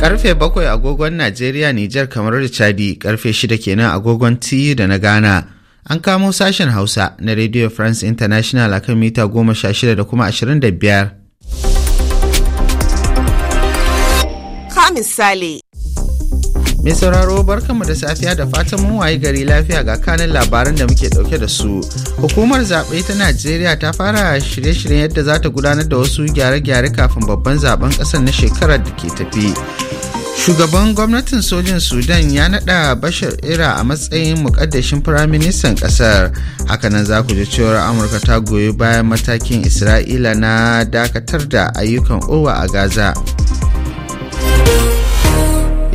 karfe bakwai agogon najeriya nijar kamar da chadi karfe shida kenan agogon tiyu da na ghana an kamo sashen hausa na radio france international a kan mita goma sha shida da kuma ashirin da biyar ka misali Mai sauraro barkanmu da safiya da fatan mun waye gari lafiya ga kanin labaran da muke dauke da su. Hukumar zaɓe ta Najeriya ta fara shirye-shiryen yadda za ta gudanar da wasu gyare-gyare kafin babban zaben ƙasar na shekarar da ke tafi. Shugaban gwamnatin sojin Sudan ya naɗa Bashar Ira a matsayin muƙaddashin firaministan ƙasar. Hakanan za ku ji cewar Amurka ta goyi bayan matakin Isra'ila na dakatar da ayyukan Owa a Gaza.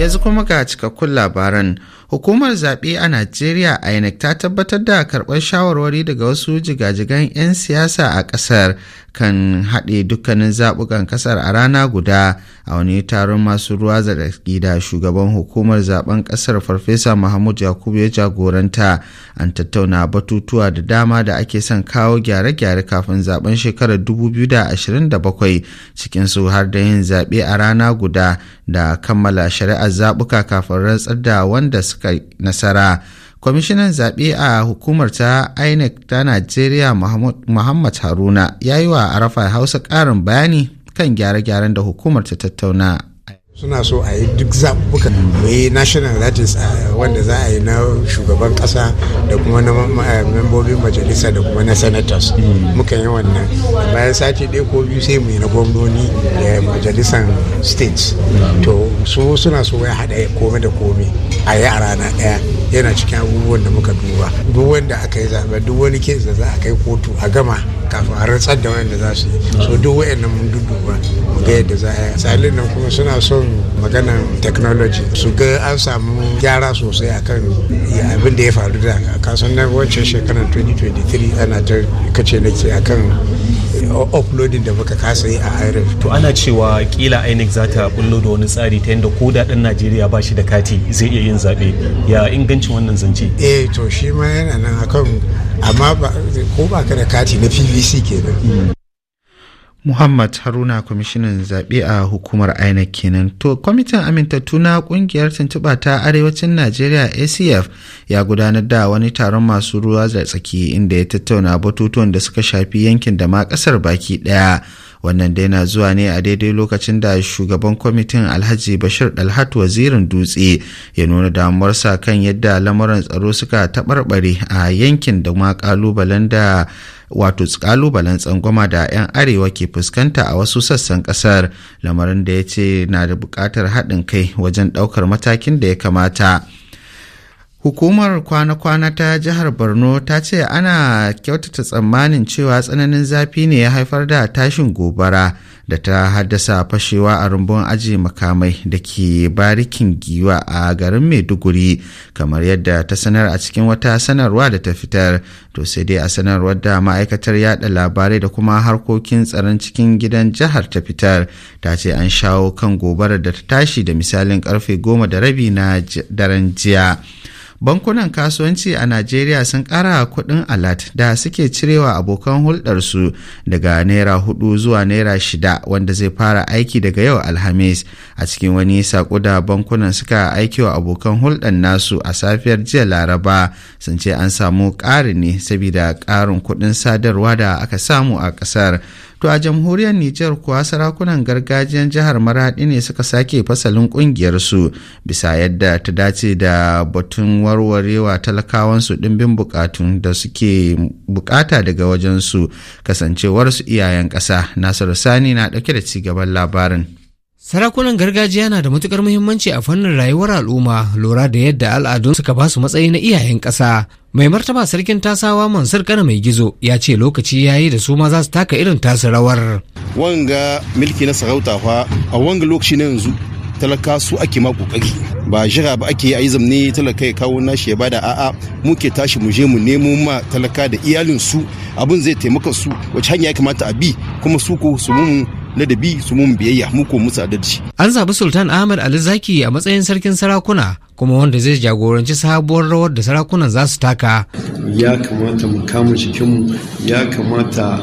yanzu kuma ga cikakkun labaran hukumar zaɓe a najeriya inec ta tabbatar da karɓar shawarwari daga wasu jigajigan 'yan siyasa a ƙasar kan haɗe dukkanin zaɓukan ƙasar a rana guda a wani taron masu ruwa zaɗaƙi da shugaban hukumar zaben ƙasar farfesa mahmud yakubu ya jagoranta an tattauna batutuwa da dama da ake son kawo gyare-gyare kafin zaben shekarar 2027 su har da yin zaɓe a rana guda da kammala shari'ar zaɓuka kafin rantsar da wanda suka nasara. kwamishinan zaɓe a hukumar ta inec ta najeriya muhammad haruna ya yi wa arafa hausa ƙarin bayani kan gyare-gyaren da hukumar ta tattauna suna so a yi duk zaɓuɓɓuka mai national that uh, a wanda za a yi na shugaban ƙasa da kuma na eh, membobin majalisa da kuma na senators mm. muka yi wannan bayan sati ɗaya ko biyu sai mu na gwamnoni da majalisan states mm. to su suna so ya haɗa kome da kome a yi a rana ɗaya yana cikin abubuwan da muka duba duk wanda aka yi zaɓe duk wani kes da za a kai kotu a gama kafin a rantsar da wanda za su yi so mm. duk wa'annan mun duba. mu ga yadda za a yi salin nan kuma suna son maganan technology su ga an samu gyara sosai akan abin da ya faru da kasan na wancan shekarar 2023 ana ta kace nake akan uploading da muka kasa yi a irin To ana cewa kila INEC za ta bullo da wani tsari ta yadda ko daɗin Najeriya ba shi da kati zai iya yin zaɓe ya ingancin wannan zance. Eh to shi ma yana nan akan amma ko ba ka da kati na PVC kenan. Muhammad Haruna kwamishinan zaɓe a hukumar INEC kenan. To, kwamitin amintattu na ƙungiyar tuntuɓa ta Arewacin Najeriya ACF ya gudanar da wani taron masu ruwa da tsaki inda ya tattauna batutuwan da suka shafi yankin da ma ƙasar baki ɗaya. wannan dai na zuwa ne a daidai lokacin da shugaban kwamitin alhaji bashir dalhat wazirin dutse ya nuna damuwarsa kan yadda lamuran tsaro suka taɓarɓare a yankin da ma ƙalubalen da wato kalubalen tsangwama da 'yan arewa ke fuskanta a wasu sassan kasar lamarin da ya ce na da bukatar haɗin kai wajen ɗaukar matakin da ya kamata Hukumar kwana-kwana ta jihar Borno ta ce ana kyautata tsammanin cewa tsananin zafi ne ya haifar da tashin gobara da ta haddasa fashewa a rumbun aji makamai da ke barikin giwa a garin Maiduguri kamar yadda ta sanar a cikin wata sanarwa da ta fitar to sai dai a sanarwar da ma'aikatar yada labarai da kuma harkokin tsaron cikin gidan jihar ta fitar ta ce an shawo kan gobarar da ta tashi da misalin karfe goma da rabi na daren jiya. bankunan kasuwanci a najeriya sun kara kuɗin alat da suke cirewa abokan hulɗarsu daga naira hudu zuwa naira shida wanda zai fara aiki daga yau alhamis a cikin wani saƙo da bankunan suka aiki wa abokan hulɗar nasu a safiyar jiya laraba sun ce an samu ƙarin ne saboda ƙarin kuɗin sadarwa da aka samu a ƙasar To a jamhuriyar Nijar kuwa sarakunan gargajiyar jihar Maradi ne suka sake fasalin su bisa yadda ta dace da batun warwarewa talakawansu ɗimbin bukatun da suke bukata daga wajen su wajensu kasancewarsu iyayen ƙasa. Nasiru Sani na ɗauke da cigaban labarin. Sarakunan gargajiya na da matukar muhimmanci a fannin rayuwar al'umma lura da yadda al'adun suka ba su matsayi na iyayen ƙasa. Mai martaba sarkin tasawa Mansur Kana mai gizo ya ce lokaci ya yi da su ma za su taka irin tasu rawar. Wanga milki na sarauta fa a wanga lokaci na yanzu talaka su ake ma kokari ba jira ba ake yi zamani talaka ya kawo nashi ya bada a'a muke tashi mu je mu nemo ma talaka da iyalin su abin zai taimaka su wace hanya ya kamata a bi kuma su ko su mu na ladabi su mun biyayya mu ko musu An zaɓi Sultan Ahmad Ali Zaki a matsayin sarkin sarakuna kuma wanda zai jagoranci sabuwar rawar da sarakunan za su taka. Ya kamata mu kama cikinmu ya kamata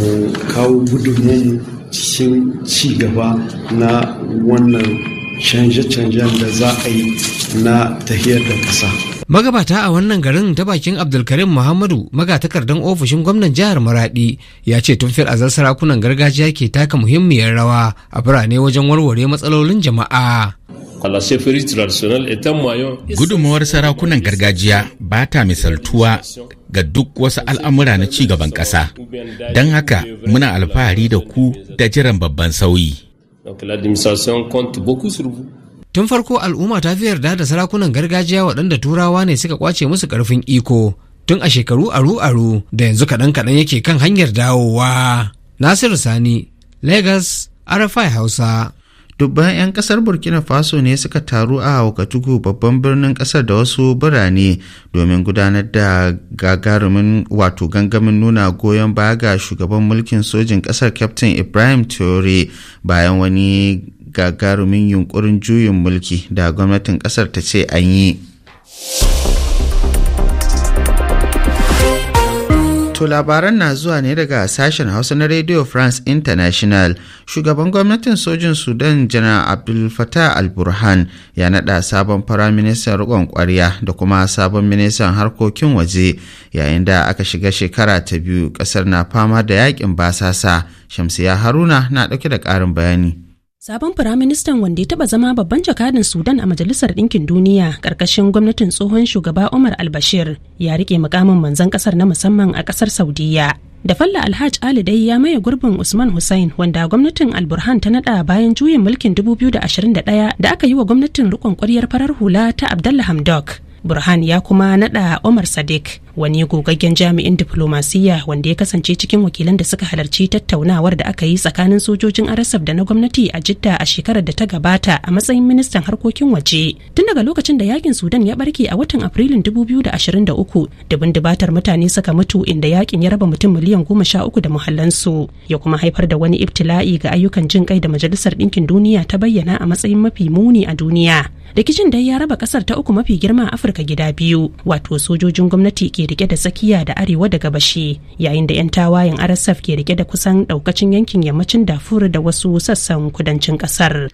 mu kawo gudunmu cikin ci gaba na wannan canje-canjen da za a yi na tahiyar da ƙasa. magabata a wannan garin ta bakin abdulkarim muhammadu magatakardan ofishin gwamnan jihar maradi ya ce tun fil azal sarakunan gargajiya ke taka muhimmiyar rawa a birane wajen warware matsalolin jama'a gudunmawar sarakunan gargajiya ba ta misaltuwa ga duk wasu al'amura na ci gaban ƙasa don haka muna alfahari da ku da jiran babban sauyi tun farko al'umma ta fi yarda da sarakunan gargajiya waɗanda turawa ne suka kwace musu ƙarfin iko tun a shekaru aru-aru da yanzu kaɗan-kaɗan yake kan hanyar dawowa nasiru sani lagos arafai hausa dubban 'yan ƙasar burkina faso ne suka taru a wakatugu babban birnin ƙasar da wasu birane domin gudanar da gagarumin wato gangamin nuna goyon baya ga shugaban mulkin sojin ƙasar captain ibrahim Traore bayan wani gagarumin yunkurin juyin mulki da gwamnatin kasar ta ce an yi To labaran na zuwa ne daga sashen Hausa na Radio France International. Shugaban gwamnatin sojin Sudan Janar Abdul Fattah al-Burhan ya naɗa sabon firaministan riƙon ƙwarya da kuma sabon ministan harkokin waje yayin da aka shiga shekara ta biyu ƙasar na fama da yakin basasa. Shamsiya Haruna na ɗauke da ƙarin bayani. Sabon Firaministan wanda ya taɓa zama babban jakadin Sudan a Majalisar Ɗinkin Duniya ƙarƙashin gwamnatin tsohon shugaba Umar al-Bashir ya riƙe mukamin manzon ƙasar na musamman a ƙasar Saudiyya, Da falla Alhaj Ali dai ya maye gurbin Usman Hussein wanda gwamnatin alburhan ta naɗa bayan juyin mulkin 2021 da aka yi wa gwamnatin riƙon ƙwaryar farar hula ta Abdallah Hamdok. Burhan ya kuma naɗa Umar Sadiq wani gogaggen jami'in diflomasiyya wanda ya kasance cikin wakilan da suka halarci tattaunawar da aka yi tsakanin sojojin arasaf da na gwamnati a jidda a shekarar da ta gabata a matsayin ministan harkokin waje tun daga lokacin da yakin sudan ya barke a watan afrilun 2023 dubin dubatar mutane suka mutu inda yakin ya raba mutum miliyan goma sha uku da muhallansu ya kuma haifar da wani ibtila'i ga ayyukan jin kai da majalisar ɗinkin duniya ta bayyana a matsayin mafi muni a duniya rikicin dai ya raba ƙasar ta uku mafi girma a afirka gida biyu wato sojojin gwamnati ke rike da tsakiya da arewa da gabashi yayin da 'yan tawayen rsf ke rike da kusan daukacin yankin yammacin dafur da wasu sassan kudancin kasar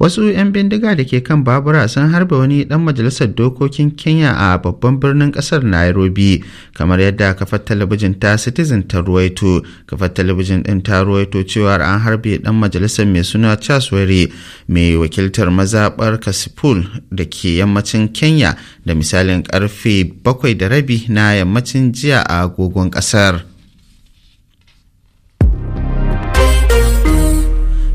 wasu 'yan bindiga da ke kan babura sun harba wani dan majalisar dokokin kenya a babban birnin kasar nairobi kamar yadda kafar talabijin ta citizen ta ruwaito kafar talabijin din ta ruwaito cewa an harbe dan majalisar mai suna charles mai wakiltar mazaɓar kasipul da ke yammacin kenya da misalin karfe bakwai da rabi na yammacin jiya a agogon kasar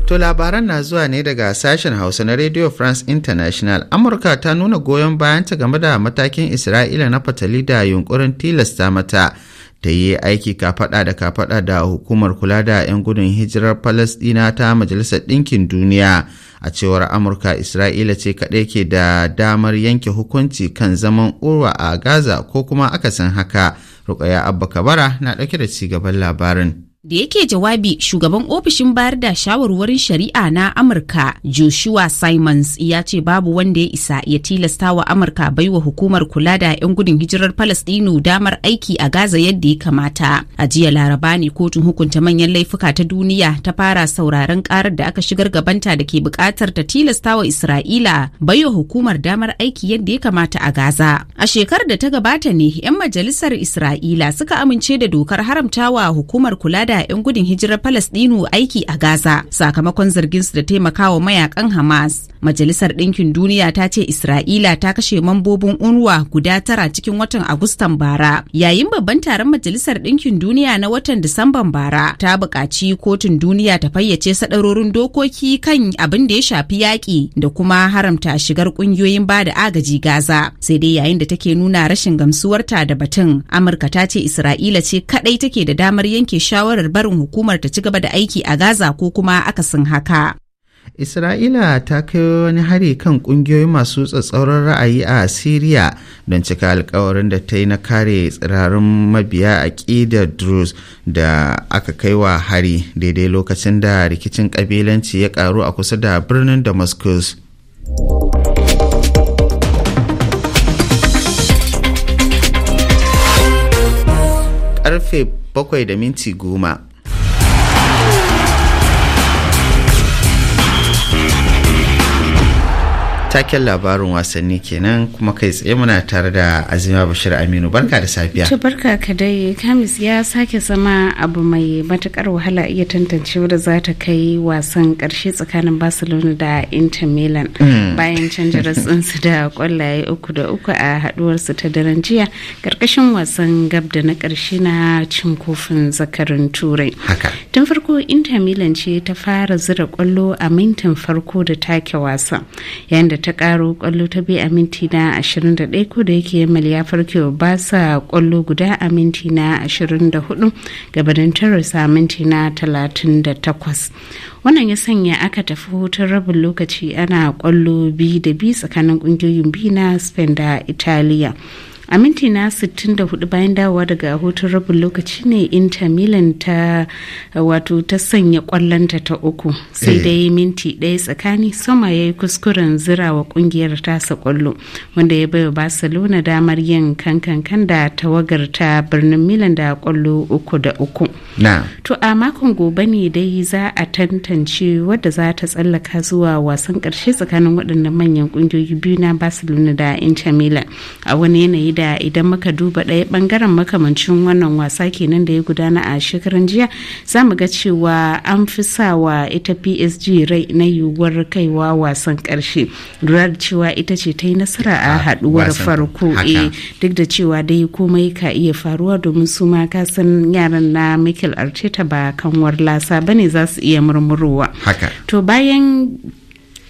To labaran na zuwa ne daga sashen Hausa na Radio France International. Amurka ta nuna goyon bayanta game da matakin Isra'ila na fatali da yunkurin tilasta mata ta yi aiki kafada da kafada da hukumar kula da 'yan gudun hijirar Falasɗina ta Majalisar Ɗinkin Duniya. A cewar Amurka, Isra'ila ce kaɗai ke da damar yanke hukunci kan zaman urwa a Gaza ko kuma akasin haka. Rukaya Abba Kabara na ɗauke da ci gaban labarin. da yake jawabi shugaban ofishin bayar da shawarwarin shari'a na amurka joshua simons ya ce babu wanda ya isa ya tilasta wa amurka baiwa hukumar kula da 'yan gudun hijirar palestino damar aiki a gaza yadda ya kamata a jiya laraba ne kotun hukunta manyan laifuka ta duniya ta fara sauraren karar da aka shigar gabanta da ke bukatar ta tilasta wa isra'ila baiwa hukumar damar aiki yadda ya kamata a gaza a shekarar da ta gabata ne 'yan majalisar isra'ila suka amince da dokar haramtawa hukumar kula da taya 'yan gudun hijirar Falasɗinu aiki a Gaza sakamakon zargin su da taimakawa mayakan Hamas. Majalisar dinkin Duniya ta ce Isra'ila ta kashe mambobin unwa guda tara cikin watan Agustan bara. Yayin babban taron Majalisar dinkin Duniya na watan Disamban bara ta buƙaci kotun duniya ta fayyace sadarorin dokoki kan abin da ya shafi yaƙi da kuma haramta shigar ƙungiyoyin ba da agaji Gaza. Sai dai yayin da take nuna rashin gamsuwarta da batun, Amurka ta ce Isra'ila ce kaɗai take da damar yanke shawarar shawarar barin hukumar ta ci gaba da aiki a Gaza ko kuma akasin haka. Isra'ila ta kai wani hari kan kungiyoyi masu tsatsauran ra'ayi a Siriya don cika alkawarin da ta yi na kare tsirarin mabiya a da Druze da aka kai wa hari daidai lokacin da rikicin ƙabilanci ya ƙaru a kusa da birnin Damascus. karfe 7 da minti goma taken labarin wasanni kenan kuma kai tsaye muna tare da azima bashir aminu barka da safiya to barka ka dai kamis ya sake zama abu mai matukar wahala iya tantance wadda za ta kai wasan karshe tsakanin barcelona da inter milan hmm. bayan canja ratsinsu da kwallaye uku da uku a su ta daren jiya karkashin wasan gab da na karshe na cin kofin zakarin turai tun farko inter milan ce ta fara zira kwallo a mintin farko da take wasan yayin da ta karo kwallo ta biyu a minti na 21 ko da yake mali ya farke wa basa kwallo guda a minti na 24 gabanin tarasa a minti na 38 wannan ya sanya aka tafi hutun rabin lokaci ana kwallo biyu da biyu tsakanin kungiyoyin biyu na spain da italiya a minti na 64 bayan dawowa daga hutun rabin lokaci ne inter milan ta wato ta sanya kwallonta ta uku sai eh. dai minti ɗaya tsakani sama ya yi kuskuren zirawa kungiyar tasa kwallo wanda ya baiwa barcelona damar yin kankan da tawagar ta birnin milan da kwallo uku da uku to a makon gobe ne dai za a tantance wadda za ta tsallaka zuwa wasan ƙarshe tsakanin waɗannan manyan ƙungiyoyi biyu na barcelona da inter milan a wani yanayi da idan muka duba ɗaya ɓangaren makamancin wannan wasa kenan da ya gudana a shekaran jiya za mu ga cewa an fi sa wa ita psg rai na yiwuwar kaiwa wasan ƙarshe lura da cewa ita ce ta yi nasara a ah, haɗuwar farko eh, duk da cewa dai komai ka iya faruwa domin su ma san yaran na mikel arteta ba kanwar lasa ba ne za su iya murmurowa to bayan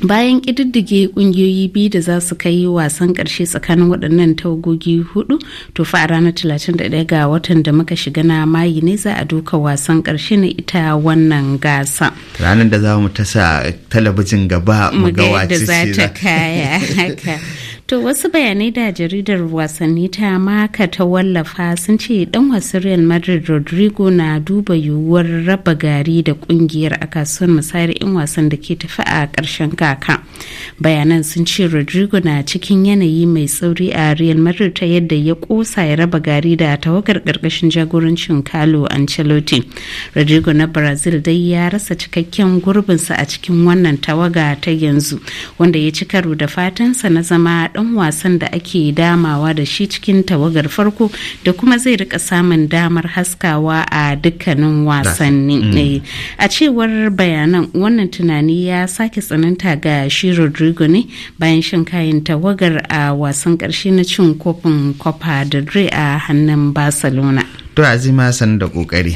bayan ƙididdige ƙungiyoyi biyu da za su kai wasan ƙarshe tsakanin waɗannan tawagogi hudu to fa a ranar 31 ga watan da muka shiga na mayi ne za a duka wasan ƙarshe na ita wannan gasa ranar da za mu tasa talabijin gaba mu ga wace kaya To wasu bayanai da jaridar wasanni ta maka ta wallafa sun ce dan wasu Real Madrid Rodrigo na duba yiwuwar raba gari da kungiyar a kasuwar misayar in wasan da ke tafi a ƙarshen kaka. Bayanan sun ce Rodrigo na cikin yanayi mai tsauri a Real Madrid ta yadda ya kosa ya raba gari da tawagar ƙarƙashin jagorancin Carlo Ancelotti. Rodrigo na Brazil dai ya rasa cikakken gurbinsa a cikin wannan tawaga ta yanzu wanda ya ci karo da fatansa na zama dan wasan da ake damawa da shi cikin tawagar farko da kuma zai rika samun damar haskawa a dukkanin wasanni eh, a cewar bayanan wannan tunani ya sake tsananta ga shi rodrigo ne bayan shan kayan tawagar a wasan karshe na cin kofin copa da dre a hannun barcelona to azima san da kokari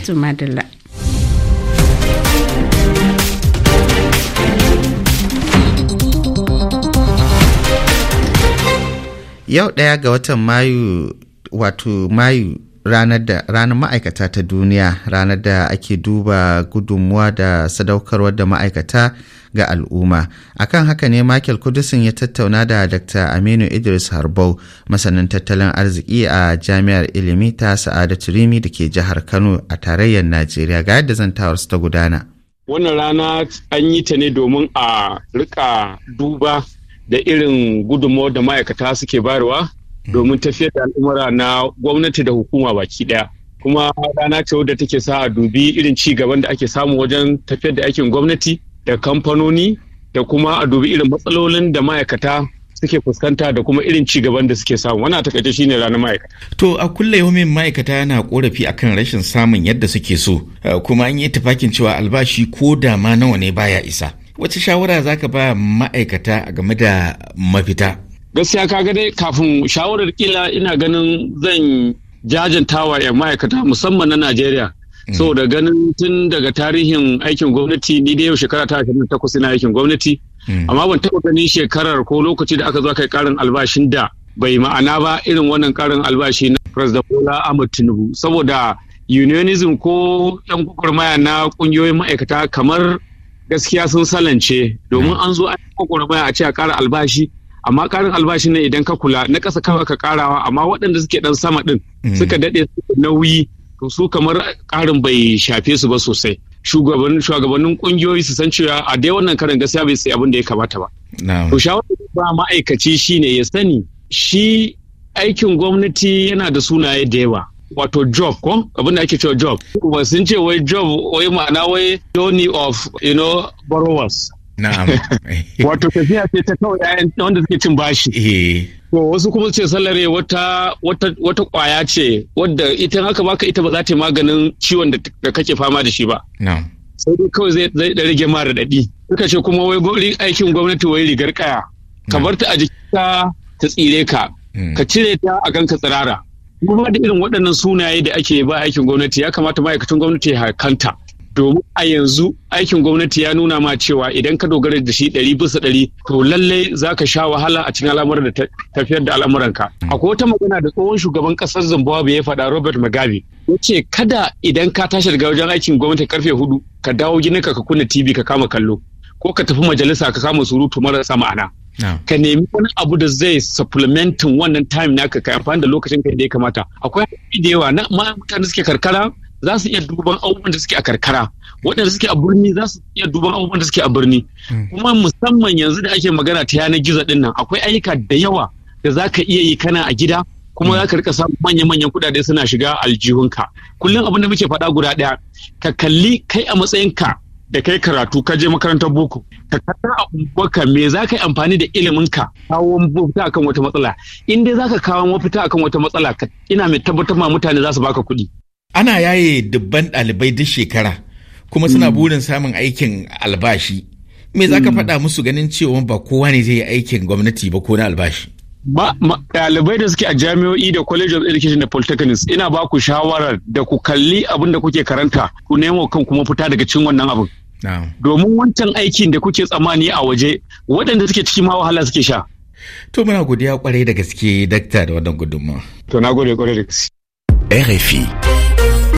yau ɗaya ga watan mayu wato mayu ranar da ranar ma'aikata ta duniya ranar da ake duba gudunmuwa da sadaukarwar da ma'aikata ga al'umma akan haka ne michael kudusin ya tattauna da dr aminu idris harbau masanin tattalin arziki a jami'ar ilimi ta sa'adatu rimi da ke jihar kano a tarayyar najeriya ga yadda zantawar ta gudana wannan rana an yi ta ne domin a rika duba da irin gudunmawar da ma'aikata suke bayarwa domin tafiyar da al'umura na gwamnati da hukuma baki daya kuma rana ce wadda take sa a dubi irin ci gaban da ake samu wajen tafiyar da aikin gwamnati da kamfanoni da kuma a dubi irin matsalolin da ma'aikata suke fuskanta da kuma irin ci gaban da suke samu wani takaice shine ranar ma'aikata. To a kulle yomin ma'aikata yana korafi akan rashin samun yadda suke so eh, kuma an yi tafakin cewa albashi ko da ma nawa ne baya isa. wace shawara za ka ba ma'aikata game da mafita gaskiya kaga dai kafin shawarar kila ina ganin zan jajantawa ya ma'aikata musamman na najeriya mm. saboda ganin tun daga tarihin aikin gwamnati ni da yau shekara ta takwas ina aikin gwamnati mm. amma ban taɓa ganin shekarar ko lokaci da aka zo kai karin albashin da bai ma'ana ba irin wannan karin albashi na president bola ahmad tinubu saboda unionism ko yan gwagwarmaya na ƙungiyoyin ma'aikata kamar gaskiya sun salance domin hmm. an zo an kwakwara a ce a kara albashi amma karin albashi ne idan ka kula na ƙasa kawai ka karawa amma waɗanda suke ɗan sama ɗin hmm. suka daɗe nauyi to su kamar karin bai shafe su ba sosai shugabannin ƙungiyoyi su san cewa a dai wannan karin gaskiya bai sai abin da ya kamata ba. To shawarar ba ma'aikaci shine ya sani shi aikin gwamnati yana da sunaye da yawa wato job ko abin da ake cewa job ba sun ce wai job wai ma'ana wai journey of you know borrowers na'am wato tafiya ce ta kawai ƴaƴan wanda suke cin bashi eh. to wasu kuma ce salare wata wata wata kwaya ce wadda ita haka baka ita ba za ta yi maganin ciwon da kake fama da shi ba na'am sai dai kawai zai zai rage mara dadi suka ce kuma wai aikin gwamnati wai rigar kaya ka bar ta a jikinka ta tsire ka mm. ka cire ta a ka tsirara kuma da irin waɗannan sunaye da ake ba aikin gwamnati ya kamata ma'aikatan gwamnati ya kanta domin a yanzu aikin gwamnati ya nuna ma cewa idan ka dogara da shi ɗari bisa ɗari to lallai za ka sha wahala a cikin al'amuran da tafiyar da al'amuranka. Akwai wata magana da tsohon shugaban ƙasar Zimbabwe ya faɗa Robert Mugabe. Ya ce kada idan ka tashi daga wajen aikin gwamnati karfe hudu ka dawo gidanka ka kunna TV ka kama kallo ko ka tafi majalisa ka kama surutu marasa ma'ana. ka nemi wani abu da zai supplementin wannan time naka ka amfani da lokacin ka da ya kamata akwai hanyoyi da yawa na ma mutane suke karkara za su iya duban abubuwan da suke a karkara waɗanda suke a birni za su iya duban abubuwan da suke a birni hmm. kuma musamman yanzu da ake magana ta yanar gizo din nan akwai ayyuka da yawa da za ka iya yi kana a gida kuma hmm. za ka rika samun manya-manyan kuɗaɗe suna shiga aljihunka kullum abin da muke faɗa guda ɗaya ka kalli kai a matsayinka da kai karatu ka je makarantar boko ka kasa a unguwarka me za ka yi amfani da ilimin ka kawo mafita akan wata matsala in dai za ka kawo mafita akan wata matsala ina mai tabbatar ma mutane za su baka kuɗi. ana yaye dubban ɗalibai duk shekara kuma suna hmm. burin samun aikin albashi me za ka hmm. faɗa musu ganin cewa ba kowa ne zai yi aikin gwamnati ba ko na albashi. ɗalibai da suke a jami'o'i da college of education da polytechnics ina ba ku shawarar da ku kalli abin da kuke karanta ku nemo kan kuma fita daga cin wannan abin Domin wancan aikin da kuke tsammani a waje waɗanda suke cikin ma wahala suke sha. To muna godiya kwarai da gaske dakta da wannan gudunmawa. To na gode kwarai da gaske. RFI.